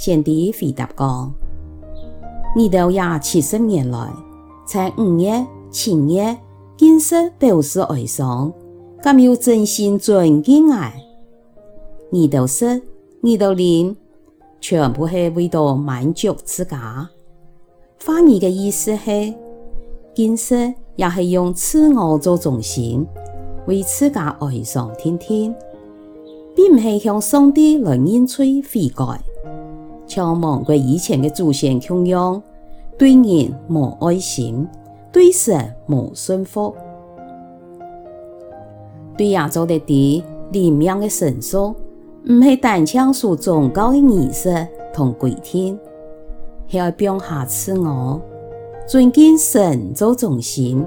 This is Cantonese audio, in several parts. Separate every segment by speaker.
Speaker 1: 上帝回答講：你到廿七十年來，在五月、七月禁食表示哀傷，咁有真心尊敬愛。你到說，你到連全部係為到滿足自家，翻譯的意思是禁食也係用自我做重心，為自家哀傷天天，並唔係向上帝來認罪悔改。像望過以前的祖先弟，同樣對人無愛心，對事無信服，對亞洲的啲人妙嘅神說，唔係單將屬宗教的儀式同跪天，係要放下自我，尊敬神做中心，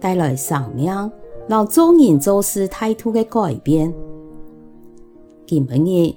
Speaker 1: 帶來善良，讓眾人做事態度的改變，根本嘅。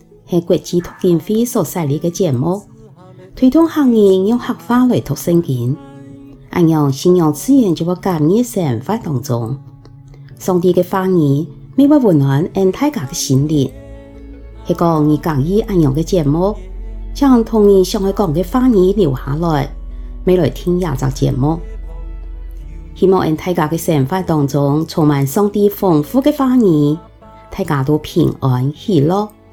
Speaker 1: 係國際讀經會所設立的節目，推動客人用客話嚟讀聖經。恁樣信仰自然，就會合入生活當中，上帝的話語，乜會溫暖大家的心靈。係講你合意恁樣嘅節目，將同你想愛講嘅話語留下來，乜嚟聽這隻節目。希望大家的生活當中充滿上帝豐富的話語，大家都平安喜樂。